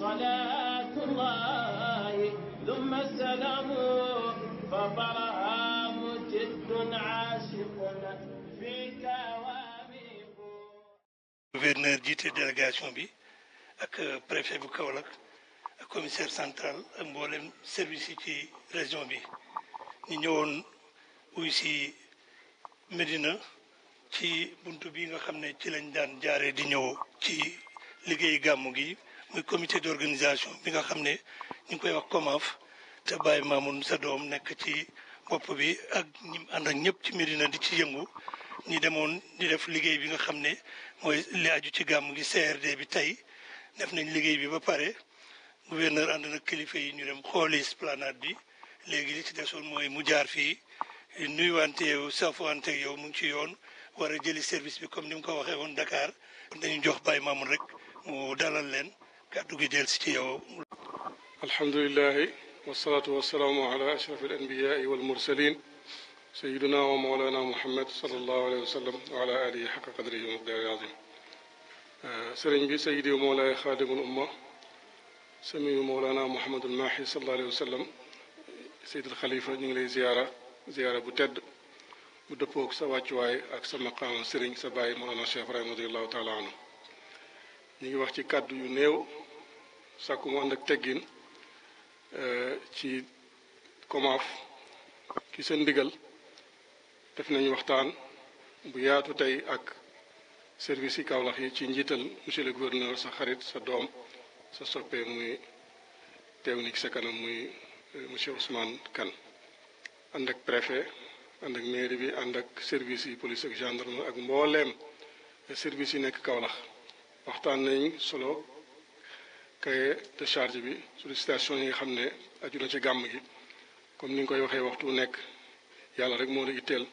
صلاة الله ثم السلام فطرها مجد عاشق في كواميق gouverneur jiite délégation bi ak préfet bu Kaolack central ak mboolem service ci région bi ñu ñëwoon uy medina ci bunt bi nga xam ne ci lañ daan jaaree di ñëw ci liggéey gàmmu gi muy comité d'organisation bi nga xam ne ñu ngi koy wax commence te Baye Mamoun sa doom nekk ci bopp bi ak ñi ànd ak ñëpp ci Medina di ci yëngu ñi demoon di def liggéey bi nga xam ne mooy li aju ci gàmm gi CRD bi tey def nañ liggéey bi ba pare gouverneur ànd na kilifa yi ñu dem xooli esplanade bi léegi li ci desoon mooy mu jaar fii nuyuwante yow safuwante yow mu ngi ci yoon war a jëli service bi comme ni mu ko waxee woon Dakar dañu jox Baye Mamoun rek mu leen kàddu gi del si ci yow alhamdulilahi wasalaatu wasalaamu ala ashraf al anbiyaai wal mursalin sayiduna wa mawlana muhammad salallahu alayhi wa sallam wa ala alihi xaqa qadrihi wa miqdaari azim euh, sëriñ bi sayidi moolaay xaadimul umma samiyu mawlana muhammadul maahi salallahu alayhi wa sallam sayidul xalifa ñu ngi lay ziyaara ziyaara bu tedd bu dëppook sa wàccuwaay ak sa maqaama sëriñ sa bàyyi mawlana cheikh ibrahima radiallahu taala anhu ñu ngi wax ci kàddu yu néew sàkku mu ànd ak teggin euh, ci komaaf ci seen ndigal def nañu waxtaan bu yaatu tey ak service yi Kaolack yi ci njiital monsieur le gouverneur sa xarit sa doom sa soppee muy teew ni sa kanam muy euh, monsieur Ousmane kan ànd ak préfet ànd ak mairie bi ànd ak service yi police ak gendarme ak mbooleem service yi nekk Kaolack waxtaan nañ solo cahier de charge bi sollicitation yi nga xam ne aju na ci gàmm gi comme ni nga koy waxee waxtu nekk yàlla rek moo la itteel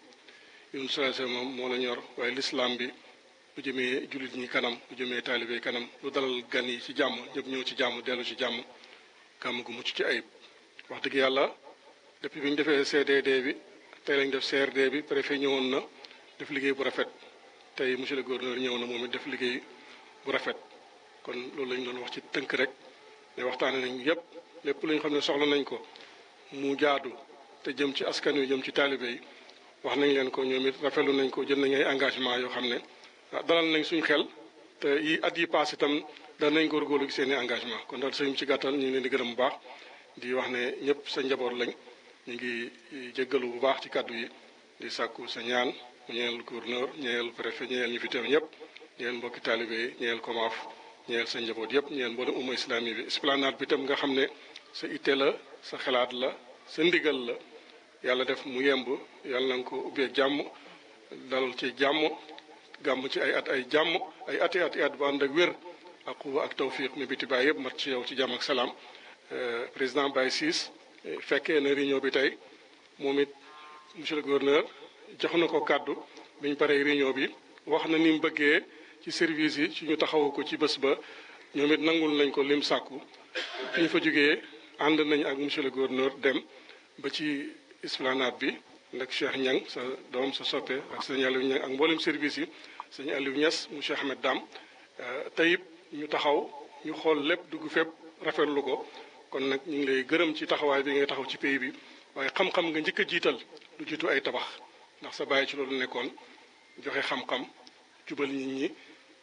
yun salase moom moo la ñor waaye lislaam bi bu jëmee jullit ñi kanam bu jëmee taalibe kanam lu dalal gan yi ci jàmm ñëpp ñëw ci jàmm dellu ci jàmm gàmm gu mucc ci ayib wax dëgg yàlla depuis bi ñu defee CDD bi tey lañ def CRD bi préfet ñëwoon na def liggéey bu rafet tey monsieur le gouverneur ñëw na moom it def liggéey bu rafet kon loolu lañu doon wax ci tënk rek ne waxtaane nañ yépp lépp lu ñu xam ne soxla nañ ko mu jaadu te jëm ci askan wi jëm ci taalibe yi wax nañ leen ko ñoom it rafetlu nañ ko jël nañ ay engagement yoo xam ne ah, dalal nañ suñu xel te yi at yi paas itam daan nañ góorgóorlu seen i engagement kon daal sëñ ci gàttal ñu ngi leen di gërëm bu baax di wax ne ñëpp sa njaboot lañ ñu ngi jéggalu bu baax ci kàddu yi di sàkku sa ñaan mu ñeel gouverneur ñeel préfet ñeel ñu fi mbokki taalibe yi ñeel komaaf ñeel sa njaboot yëpp ñeel mboolem umma islami bi esplanade bi tam nga xam ne sa itte la sa xalaat la sa ndigal la yàlla def mu yemb yàlla nanga ko ubbee jàmm dalal ci jàmm gàmm ci ay at ay jàmm ay ati ati at bu ànd ak wér ak quwa ak tawfiq mi biti baay yëpp mat ci yow ci jàmm ak salaam euh, président Baye Ciss euh, fekkee na réunion bi tey moom it monsieur le gouverneur jox na ko kàddu biñ paree réunion bi wax na ni bëggee ci service yi ci ñu taxawu ko ci bés ba ñoom it nangul nañ ko lim sàkku ñu fa jógee ànd nañ ak monsieur le gouverneur dem ba ci esplanade bi nag Cheikh Niang sa doom sa soppe ak sëñ Aliou Niang ak mboolem service yi sëñ Aliou Niass mu Cheikh Ahmed Dam euh, tayib ñu taxaw ñu xool lépp dugg fépp rafetlu ko kon nag ñu ngi lay gërëm ci taxawaay bi ngay taxaw ci pays bi waaye xam-xam nga njëkk a jiital lu jiitu ay tabax ndax sa bàyyi ci loolu nekkoon joxe xam-xam nit ñi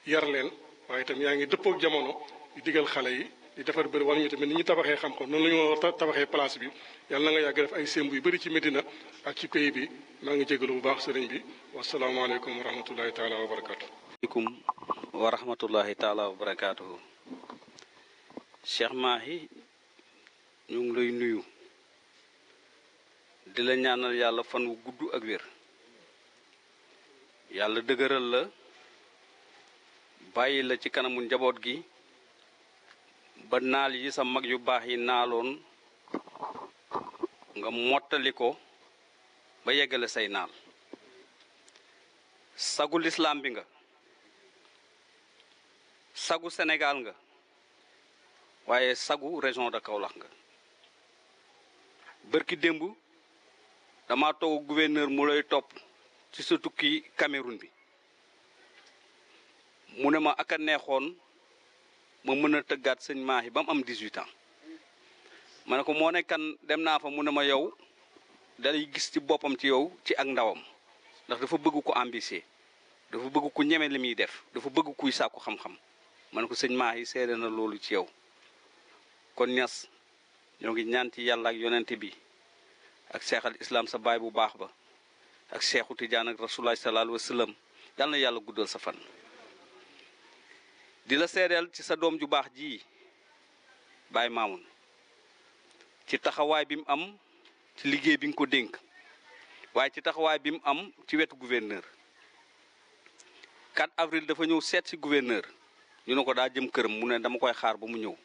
yar leen waaye tam yaa ngi dëppook jamono di digal xale yi di defar bëri wan ñu tamit ni ñu tabaxee xam-xam noonu la ñu war tabaxee place bi yal na nga yàgg def ay sémb yu bëri ci Medina ak ci pays bi maa ngi jégalu bu baax sëriñ bi wasalaamaaleykum wa rahmatullahi taala wa barakaatu. aleykum wa rahmatullahi taala wa barakaatu. Cheikh Mahi ñu ngi lay nuyu di la ñaanal yàlla fan wu gudd ak wér yàlla dëgëral la. bàyyi la ci kanamu njaboot gi ba naal yi sa mag yu baax yi naaloon nga mottali ko ba yeggale say naal sagu lislaam bi nga sagu senegaal nga waaye sagu région de Kaolack nga bërki démb dama toog gouverneur mu lay topp ci sa tukki kamerun bi mu ne ma ak a neexoon ma mën a tëggaat sëñ Mahi ba mu am 18 ans ma ne ko moo ne dem naa fa mu ne ma yow dalay gis ci boppam ci yow ci ak ndawam ndax dafa bëgg ko ambitieux dafa bëgg ko ñeme li muy def dafa bëgg kuy sàkku xam-xam ma ne ko sëñ Mahi seere na loolu ci yow kon ñas ñoo ngi ñaan ci yàlla ak yonent bi ak seexal islaam sa baay bu baax ba ak seexu tijaan ak rasulaay sallallahu alayhi wa sallam yàlla na yàlla guddal sa fan. di la seedeel ci sa doom ju baax jii baay Mamoune ci taxawaay bi mu am ci liggéey bi nga ko dénk waaye ci taxawaay bi mu am ci wetu gouverneur 4 avril dafa ñëw seet si gouverneur ñu ne ko daa jëm këram mu ne dama koy xaar ba mu ñëw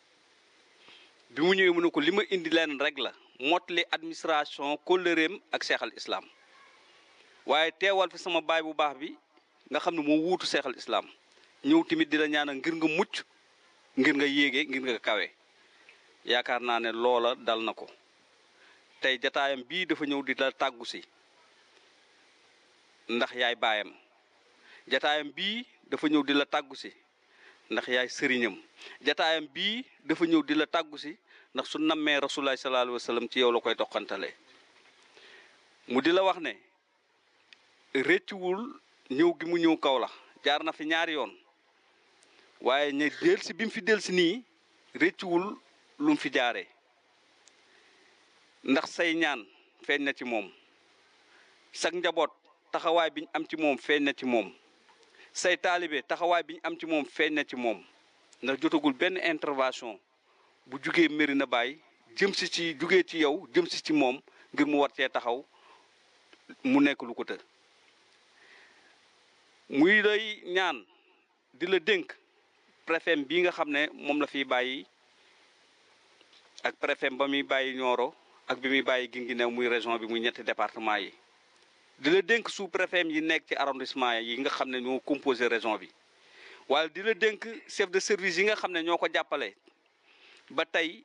bi mu ñëwee mu ne ko li ma indi leen rek la mottali administration kóllëreem ak seexal islaam waaye teewal fi sama baay bu baax bi nga xam ne moo wuutu seexal islaam ñëw timit di la ñaanal ngir nga mucc ngir nga yéege ngir nga kawe yaakaar naa ne loola dal na ko tey jataayam bii dafa ñëw di la tàggu si ndax yaay baayam jataayam bii dafa ñëw di la tàggu si ndax yaay sëriñam jataayam bii dafa ñëw di la tàggu si ndax su nammee rasulaay sallallahu alayhi ci yow la koy toqantale mu di la wax ne rëccwul ñëw gi mu ñëw kaw la jaar na fi ñaari yoon waaye ne del bi mu fi del si nii rëccuwul lu mu fi jaare ndax say ñaan feeñ na ci moom sag njaboot taxawaay biñ am ci moom feeñ na ci moom say taalibe taxawaay biñ am ci moom feeñ na ci moom ndax jotagul benn intervention bu jugee Médina Baye jëm si ci jugee ci yow jëm si ci moom ngir mu war cee taxaw mu nekk lu ko të muy lay ñaan di la dénk préfet bii nga xam ne moom la fi bàyyi ak préfet ba muy bàyyi Nioro ak bi muy bàyyi Guinguinéo muy raison bi muy ñetti département yi di la dénk sous préfet yi nekk ci arrondissement yi nga xam ne ñoo composé région bi waaye di dénk chef de service yi nga xam ne ñoo ko jàppale ba tey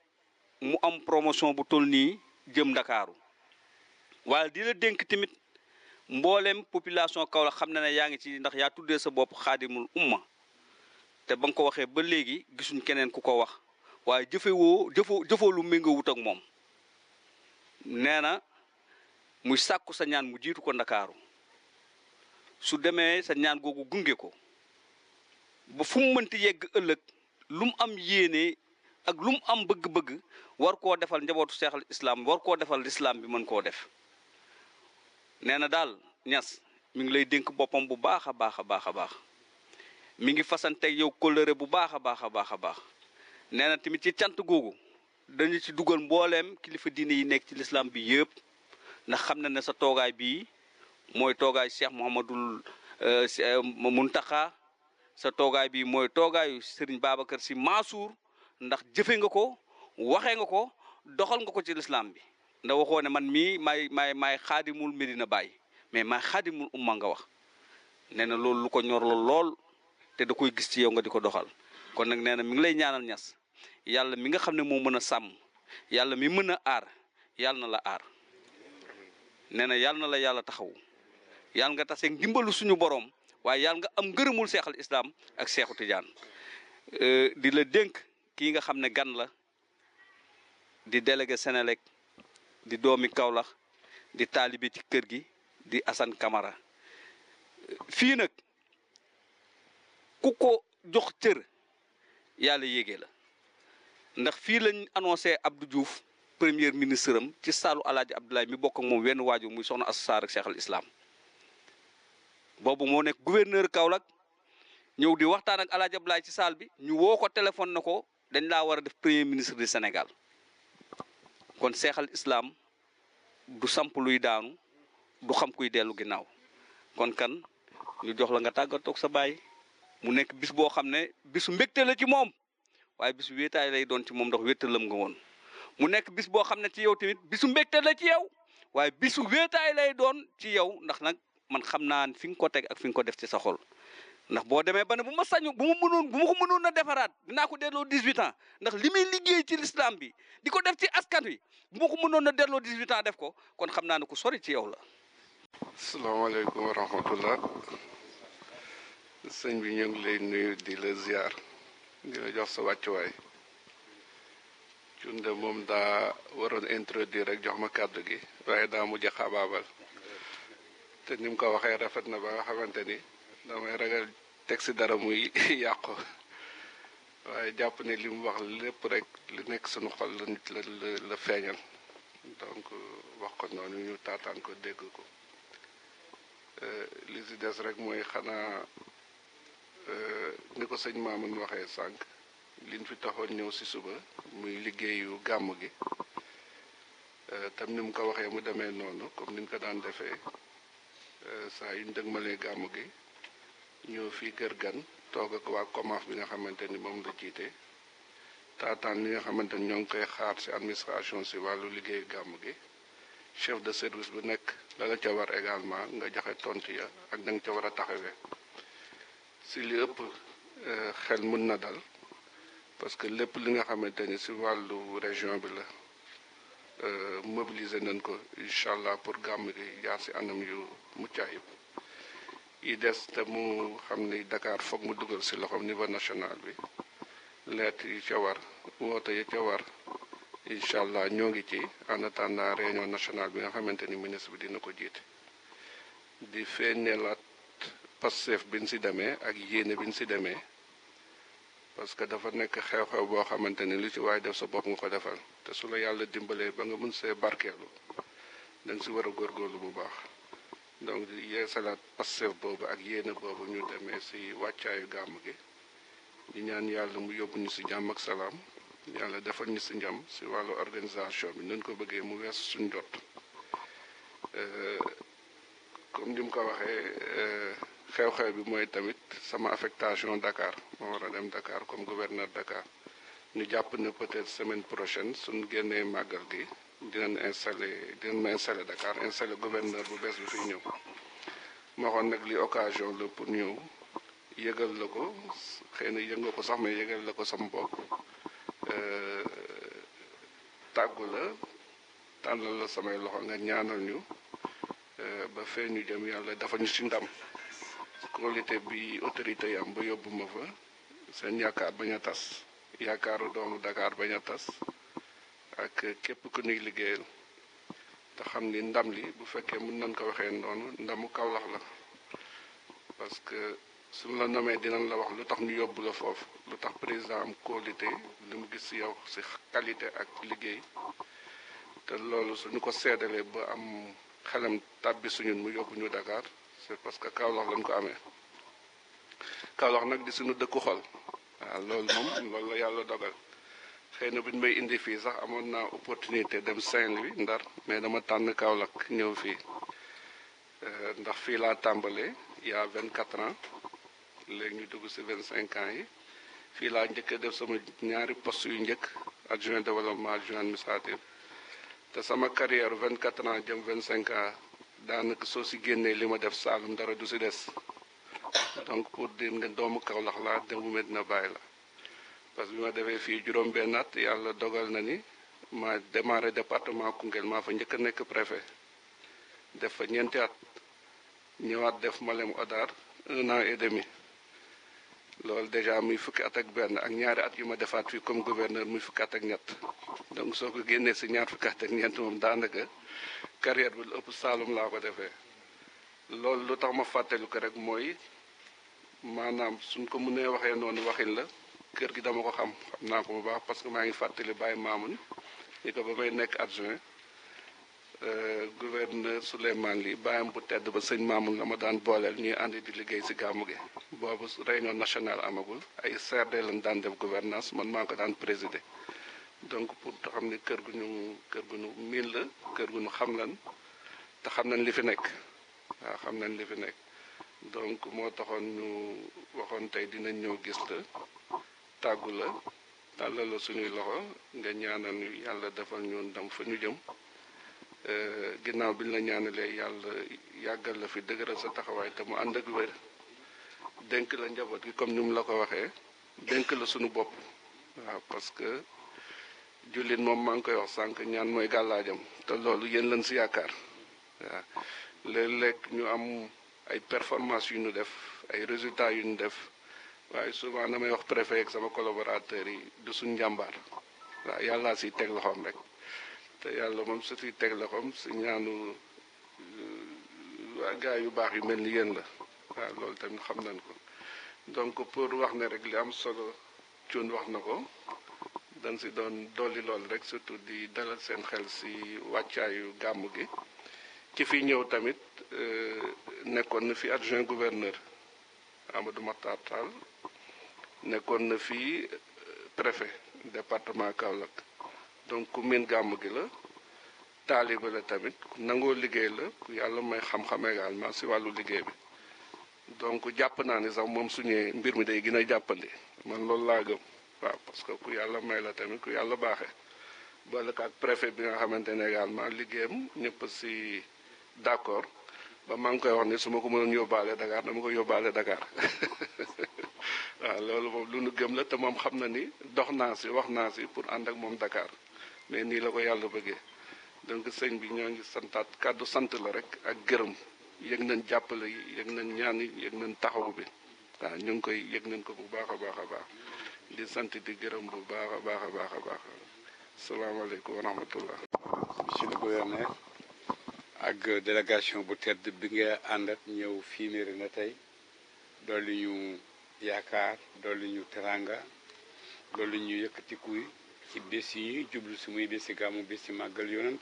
mu am promotion bu toll nii jëm ndakaaru waaye di la dénk tamit mboolem population Kaolack xam na yaa ngi ci ndax yaa tuddee sa bopp xaadimul umma te ba nga ko waxee ba léegi gisuñ keneen ku ko wax waaye jëfewoo jëfoo jëfoo lu méngoowut ak moom nee na muy sàkku sa ñaan mu jiitu ko ndakaaru su demee sa ñaan googu gunge ko ba fu mu mënti yegg ëllëg lu mu am yéene ak lu mu am bëgg-bëgg war koo defal njabootu seexal islaam war koo defal lislaam bi mën koo def nee na daal ñas mu ngi lay dénk boppam bu baax a baax a baax a baax mi ngi fasanteeg yow kóllëre bu baax a baax a baax a baax nee na tamit ci cant googu dañu ci dugal mbooleem kilifa diine yi nekk ci lislaam bi yëpp ndax xam na ne sa toogaay bii mooy toogaay Cheikh Mouhamadul euh, euh, Muntaxa sa toogaay bii mooy toogaayu Serigne Babacar Sy Mansour ndax jëfe nga ko waxee nga ko doxal nga ko ci lislaam bi ndax waxoo ne man mii may maay maay xaadimul Medina Baye mais maay xaadimul umma nga wax nee na loolu ko ñor lool te da koy gis ci yow nga di ko doxal kon nag nee na mi ngi lay ñaanal ñas yàlla mi nga xam ne moo mën a sàmm yàlla mi mën a aar yàlla na la aar nee na yàlla na la yàlla taxaw yàlla nga tase ndimbalu suñu borom waaye yàlla nga am gërëmul seexal islaam ak seexu tijaan di la dénk kii nga xam ne gan la di délégué senelek di doomi kawlax di taalibe ci kër gi di Assane kamara fii nag ku ko jox cër yàlla yéegee la ndax fii lañ annoncé Abdou juuf premier ministre am ci saalu alaaji Abdoulaye mi bokk ak moom wenn waajur muy soxna Astou Sarr ak Cheikh boobu moo nekk gouverneur Kaolack ñëw di waxtaan ak alaaji Abdoulaye ci saal bi ñu woo ko téléphone na ko dañ laa war a def premier ministre du Sénégal kon Cheikh al Islam du samp luy daanu du xam kuy dellu ginnaaw kon kan ñu jox la nga tàggatoog sa baay. mu nekk bis boo xam ne bisu mbégte la ci moom waaye bisu wéetaay lay doon ci moom ndax wéttalam nga woon mu nekk bis boo xam ne ci yow tamit bisu mbégte la ci yow waaye bisu wéetaay lay doon ci yow ndax nag man xam naa fi nga ko teg ak fi nga ko def ci sa xol ndax boo demee ba ne bu ma sañu bu ma mënoon bu ma ko mënoon a defaraat dinaa ko delloo 18 ans ndax li muy liggéey ci l'islam bi di ko def ci askan wi bu ma ko mënoon a delloo 18 ans def ko kon xam naa ne ku sori ci yow la. asalaamaaleykum wa sëñ bi ñu ngi lay nuyu di la ziar di la jox sa wàccuwaay de moom daa waroon introduire rek jox ma kàddu gi waaye daa mujj xabaabal te ni ko waxee rafet na ba nga xamante ni damay ragal teg si dara muy yàqu waaye jàpp ne li mu wax lépp rek li nekk suñu xol la nit la la feeñal donc wax ko noonu ñu taataan ko dégg ko euh, li si des rek mooy xanaa Euh, ni ko sëñ Mamoun waxee sànq liñ fi taxoon ñëw si suba muy liggéeyu gàmm gi euh, tam ni mu ko waxee mu demee noonu comme niñ ko daan defee euh, saa yuñ dëgmalee gàmm gi ñëw fii kër gan toog ak waa commence bi nga xamante ni moom la jiite taataan li nga xamante ni ñoo ngi koy xaar si administration si wàllu liggéeyu gàmm gi chef de service bu nekk dala la ca war également nga joxe tontu ya ak na nga ca war a taxawee. si li ëpp euh, xel mën na dal parce que lépp li nga xamante ni si wàllu région bi la euh, mobiliser nañ ko incha allah pour gàmm gi jaar si anam yu mucc ayib yi des te mu xam ni Dakar foog mu dugal si loxom niveau national bi leet yi ca war woote yi ca war incha allah ñoo ngi ci en attendant réunion nationale bi nga xamante ni ministre bi dina ko jiit di feeñeelaat passeef bi ñu si demee ak yéene bi ñu si demee parce que dafa nekk xew boo xamante ni lu ci waay def sa bopp nga ko defal te su yàlla dimbalee ba nga mën see barkeelu da si war a góorgóorlu bu baax donc yee salaat passeef boobu ak yéene boobu ñu demee si wàccaayu gàmm gi ñu ñaan yàlla mu yóbbu ñu si jàmm ak salaam yàlla defal ñu si njam si wàllu organisation bi nañ ko bëggee mu wees suñ jot euh, comme ni mu ko waxee euh, xew-xew bi mooy tamit sama affectation Dakar ma war a dem Dakar comme gouverneur Dakar ñu jàpp ne peut-être semaine prochaine suñ génnee màggal gi dinañ installé dinañ ma installé Dakar installé gouverneur bu bees bi fi ñëw ma waxoon nag li occasion la pour ñëw yëgal la ko xëy na yënga ko sax mais yëgal la ko sama bopp euh, tàggu la tànnal la samay loxo nga ñaanal ñu euh, ba fee ñu jëm yàlla dafa ñu ci ndam qualité bi autorité yi am ba yóbbu ma fa seen yaakaar bañ a tas yaakaaru doomu dakaar bañ a tas ak képp ku nuy liggéeyal te xam ni ndam li bu fekkee mën nañ ko waxee noonu ndamu kawlax la parce que suñu la nomee dinañ la wax lu tax ñu yóbbu la foofu lu tax président am qualité li mu gis si yow si qualité ak liggéey te loolu suñu ko seddalee ba am xelam tàbbi suñun mu yóbbu ñu Dakar c'est parce que Kaolack lañ ko amee Kaolack nag di suñu dëkku xol waaw loolu moom loolu la yàlla dogal xëy na bu may indi fii sax amoon naa opportunité dem Saint-Louis ndar mais dama tànn Kaolack ñëw fii euh, ndax fii laa tàmbalee il vingt quatre ans léegi ñu dugg si vingt cinq ans yi fii laa njëkk def sama ñaari post yu njëkk adjoint développement adjoint administratif te sama carrière vingt quatre ans jëm vingt cinq ans daanaka soo si génnee li ma def Saalum ndara du si des donc pour dire ne doomu Kaolack laa demu Medina bàyyi la parce que bi ma defee fii juróom-benn at yàlla dogal na ni ma démarré département Koungheul maa fa njëkk nekk préfet def fa ñeenti at ñëwaat def Malem Hodar un an et demi loolu déjà muy fukki at ak benn ak ñaari at yu ma defaat fii comme gouverneur muy fukki at ak ñett donc soo ko génnee si ñaar fukki at ak ñeent moom daanaka carrière bi lu ëpp Saalum laa ko defee. loolu lu tax ma fàttali ko rek mooy maanaam suñ ko mënee waxee noonu waxin la kër gi dama ko xam xam naa ko bu baax parce que maa ngi fàttali Baye Mamoun ni ko ba may nekk adjoint. Euh, gouverneur Souleymane Ly bàyyam bu tedd ba sëñ Mamoun na ma daan booleel ñuy ànd di liggéey si gàmmu gi boobu réunion nationale amagul ay CRD lañ daan def gouvernance man maa ko daan présider donc pour te ni kër gu ñu kër gu ñu miin la kër gu ñu xam lan te xam nañ li fi nekk waaw xam nañ li fi nekk donc moo taxoon ñu waxoon tey dinañ ñëw gis la tàggu la tàllal suñuy loxo nga ñaanal yàlla defal ñu ndam fa ñu jëm Eh, ginnaaw bi la ñaanalee yàlla yàggal la fi dëgëral sa taxawaay te mu ànd ak wér dénk la njaboot yi comme ni mu la ko waxee dénk la suñu bopp waaw parce que jullit moom maa ngi koy wax sànq ñaan mooy gàllaajam te loolu yéen lañ si yaakaar waaw léeg-léeg ñu am ay performance yu ñu def ay résultats yu ñu def waaye souvent damay wax préfet ak sama collaborateur yi du suñ njàmbaar waaw yàllaa siy teg loxoom rek te yàlla moom su si teg loxoom si ñaanu euh, waa gaa yu baax yu mel ni yéen la waaw loolu tamit xam nañ ko donc pour wax na rek li am solo cuun wax na ko dañ si doon dolli lool rek surtout di dalal seen xel si wàccaayu gàmm gi ci fi ñëw tamit euh, nekkoon na fi adjoint gouverneur Amadou Makhtar Tall nekkoon na fi euh, préfet département Kaolack donc ku miin gàmm gi la taaliba la tamit ku nangoo liggéey la ku yàlla may xam-xam également si wàllu liggéey bi donc jàpp naa ne sax moom suñu mbir mi day gën a jàppandi man loolu laa gëm waaw parce que ku yàlla may la tamit ku yàlla baaxee boole ko ak bi nga xamante ne également liggéeyam ñëpp si d'accord ba maa ngi koy wax ni su ma ko mënoon yóbbaale Dakar dama ko yóbbaale Dakar waaw loolu moom lu nu gëm la te moom xam na ni dox naa si wax naa si pour ànd ak moom Dakar mais nii la ko yàlla bëggee donc sëñ bi ñoo ngi santaat kàddu sant la rek ak gërëm yëg nañ jàppale yi yëg nañ ñaan yi yëg nañ taxaw bi waaw ñu ngi koy yëg nañ ko bu baax a baax a baax di sant di gërëm bu baax a baax a baax a baax salaamaaleykum wa rahmatullah monsieur ak délégation bu tedd bi nga ànd ñëw fii mairie na tey dolli ñu yaakaar dolli ñu teranga dolli ñu yëkkatikuy ci bés yi jublu su muy bési bés bési màggal yonant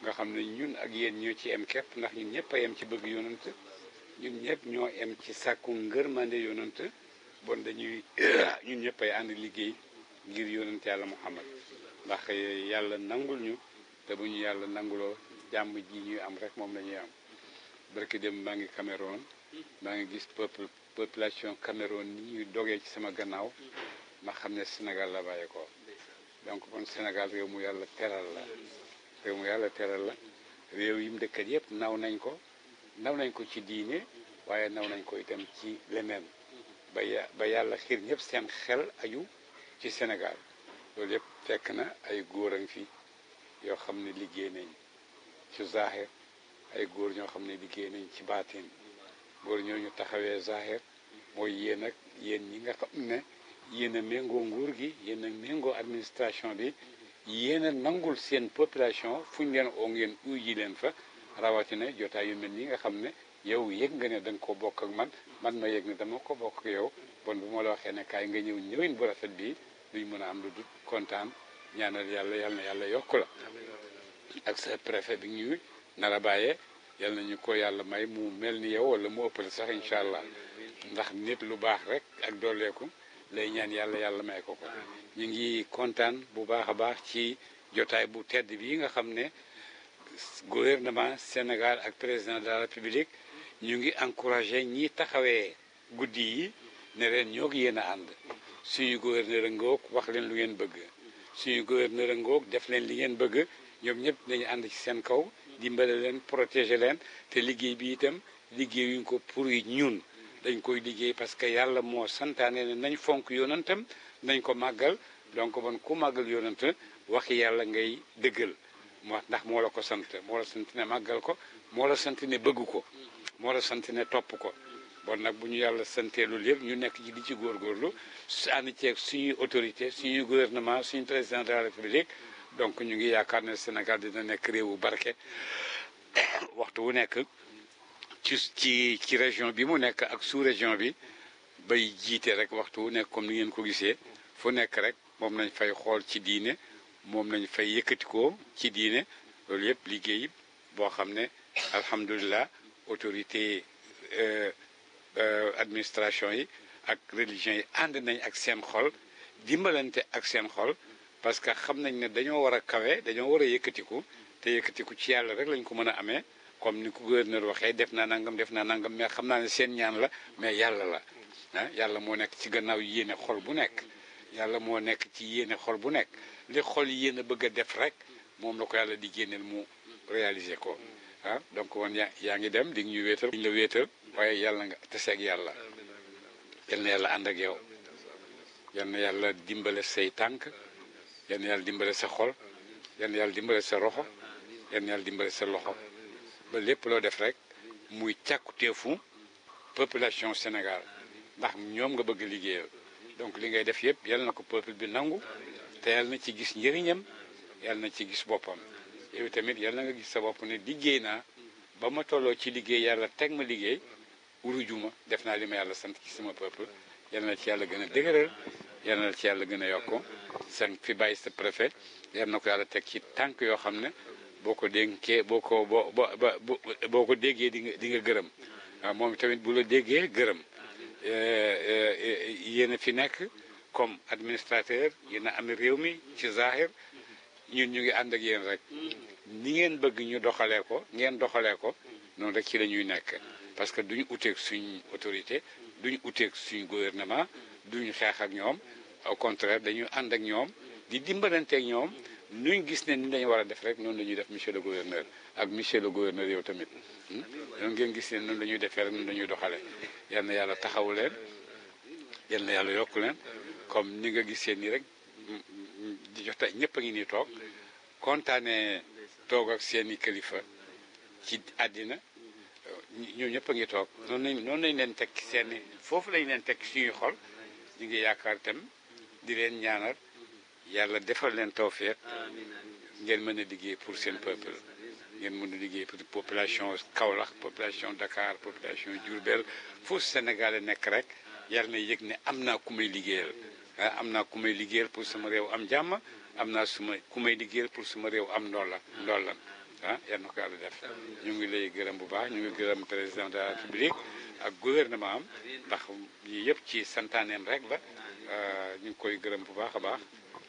nga xam ne ñun ak yéen ñoo ci em képp ndax ñun ñëpp a em ci bëgg yonant ñun ñëpp ñoo em ci sàkku ngërmande yonant bon dañuy ñun ñëpp ay ànd liggéey ngir yonant yàlla muhammad ndax yàlla nangul ñu te bu ñu yàlla nanguloo jàmm ji ñuy am rek moom lañuy am barki dem maa ngi Cameroun maa ngi gis peuple population Cameroun ni ñuy dogee ci sama gannaaw ma xam ne Sénégal la ko donc kon Sénégal réew mu yàlla teral la réew mu yàlla teral la réew yi mu dëkkat yëpp naw nañ ko naw nañ ko ci diine waaye naw nañ ko itam ci leneen ba yàlla xiir ñëpp seen xel aju ci Sénégal loolu yëpp fekk na ay góor añ fi yoo xam ne liggéey nañ ci zaaxir ay góor ñoo xam ne liggéey nañ ci baatin góor ñoo ñu taxawee zaaxir mooy yéen ak yéen ñi nga xam ne yéen a méngoo nguur gi yéen méngoo administration bi yéen nangul seen population fu ñu leen oo ngeen uy leen fa rawatina jotaay yu mel nii nga xam ne yow yëg nga ne da ko bokk ak man man ma yëg ne dama ko bokk ak yow bon bu ma la waxee ne kaay nga ñëw ñëwin bu rafet bii duñ mën a am lu dut kontaan ñaanal yàlla yàlla na yàlla yokk la ak sa préfet bi ñuy nar a bàyyee yal na ñu ko yàlla may mu mel ni yow wala mu ëppale sax incha allah ndax nit lu baax rek ak dooleeku lay ñaan yàlla yàlla may ko ko ñu ngi kontaan bu baax a baax ci jotaay bu tedd bii nga xam ne gouvernement Sénégal ak président de la République ñu ngi encouragé ñi taxawee guddi yi ne ren ñoo ngi yéen a ànd suñu gouverneur a ngoog wax leen lu ngeen bëgg suñu gouverneur a ngoog def leen li ngeen bëgg ñoom ñëpp dañu ànd ci seen kaw dimbale leen protéger leen te liggéey bi itam liggéeyuñ ko pour ñun dañ koy liggéey parce que yàlla moo santaane ne nañ fonk yonantam nañ ko màggal donc man ku màggal yonant waxi yàlla ngay dëggal moo ndax moo la ko sant moo la sant ne màggal ko moo la sant ne bëgg ko moo la sant ne topp ko bon nag bu ñu yàlla santee loolu yëpp ñu nekk ci di ci góor góorgóorlu ànd ceeg suñuy autorité suñuy gouvernement suñu président de la république donc ñu ngi yaakaar na Sénégal dina nekk réewu barke waxtu wu nekk ci ci ci région bi mu nekk ak sous région bi bay jiite rek waxtu wu nekk comme ni ngeen ko gisee fu nekk rek moom nañ fay xool ci diine moom nañ fay yëkkatikoo ci diine loolu yëpp liggéey boo xam ne alhamdulilah autorité euh, euh, administration yi ak religion yi ànd nañ ak seen xol dimbalante ak seen xol parce que xam nañ ne dañoo war a kawe dañoo war a yëkkatiku te yëkkatiku ci yàlla rek lañ ko mën a amee comme ni ko gouverneur waxee def naa nangam def naa nangam mais xam naa ne seen ñaan la mais yàlla la ah yàlla moo nekk ci gannaaw yéene xol bu nekk yàlla moo nekk ci yéene xol bu nekk li xol yéene bëgg a def rek moom la ko yàlla di génneel mu réaliser ko ah donc woon yaa yaa ngi dem di nga ñu wéetal di nga wéetal waaye yàlla nga teseeg yàlla yal yàlla ànd ak yow yal na yàlla dimbale say tànk yal na dimbale sa xol yal yàlla dimbale sa roxo yal na yàlla dimbale sa loxo ba lépp loo def rek muy càkkutéefu population Sénégal ndax ñoom nga bëgg liggéeyal donc li ngay def yëpp yal na ko peuple bi nangu te yal na ci gis njëriñam yal na ci gis boppam yow tamit yal na nga gis sa bopp ne liggéey naa ba ma tolloo ci liggéey yàlla teg ma liggéey uruju def naa li ma yàlla sant ci sama peuple yal na ci yàlla gën a dëgëral yal na ci yàlla gën a yokk seen fi bàyyi préfet yal na ko yàlla teg ci tànk yoo xam ne boo ko dénkee boo ko boo boo ko déggee di nga di nga gërëm waaw ah, moom tamit bu la déggee gërëm eh, eh, yéen a fi nekk comme administrateur yéen a am réew mi ci zahir ñun ñu ngi ànd ak yéen rek ni ngeen bëgg ñu doxalee ko ngeen doxalee ko noonu rek ci la ñuy nekk parce que duñu uteeg suñ autorité duñu uteeg suñ gouvernement duñu xeex ak ñoom au contraire dañuy ànd ak ñoom di dimbalante ñoom luñ gis ne ni dañu war a def rek noonu la def monsieur le gouverneur ak monsieur le gouverneur yow tamit hmm? noonu ngeen gis ne noonu la defee rek noonu la ñuy doxalee yal na yàlla taxawu leen yal na yàlla yokk leen comme ni nga gisee nii rek di jox tey ñëpp a ngi nii toog kontaanee toog ak seen i kilifa ci àddina ñoom ñëpp a ngi toog noonu lañ noonu lañ leen tekki seen foofu lañ leen teg suñuy xol ñu ngi yaakaar itam di leen ñaanal. yàlla defal leen tawféex ngeen mën a liggéey pour seen peuple ngeen mun a liggéey pour population Kaolack population Dakar population Diourbel foofu Sénégal nekk rek yàlla na yëg ne am naa ku may liggéeyal ah, am na ku may liggéeyal pour sama réew am jàmm am naa su ma ku pour suma réew am ndoola ndoola ah yal na yàlla def ñu ngi lay gërëm bu baax ñu ngi gërëm président de la république ak gouvernement am ndax yii yëpp ci santaaneem rek la ah, ñu ngi koy gërëm bu baax a baax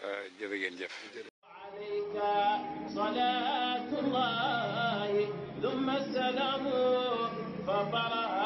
Euh, jërë ngeen jëf alayka salaatullahi thumma salaamu fa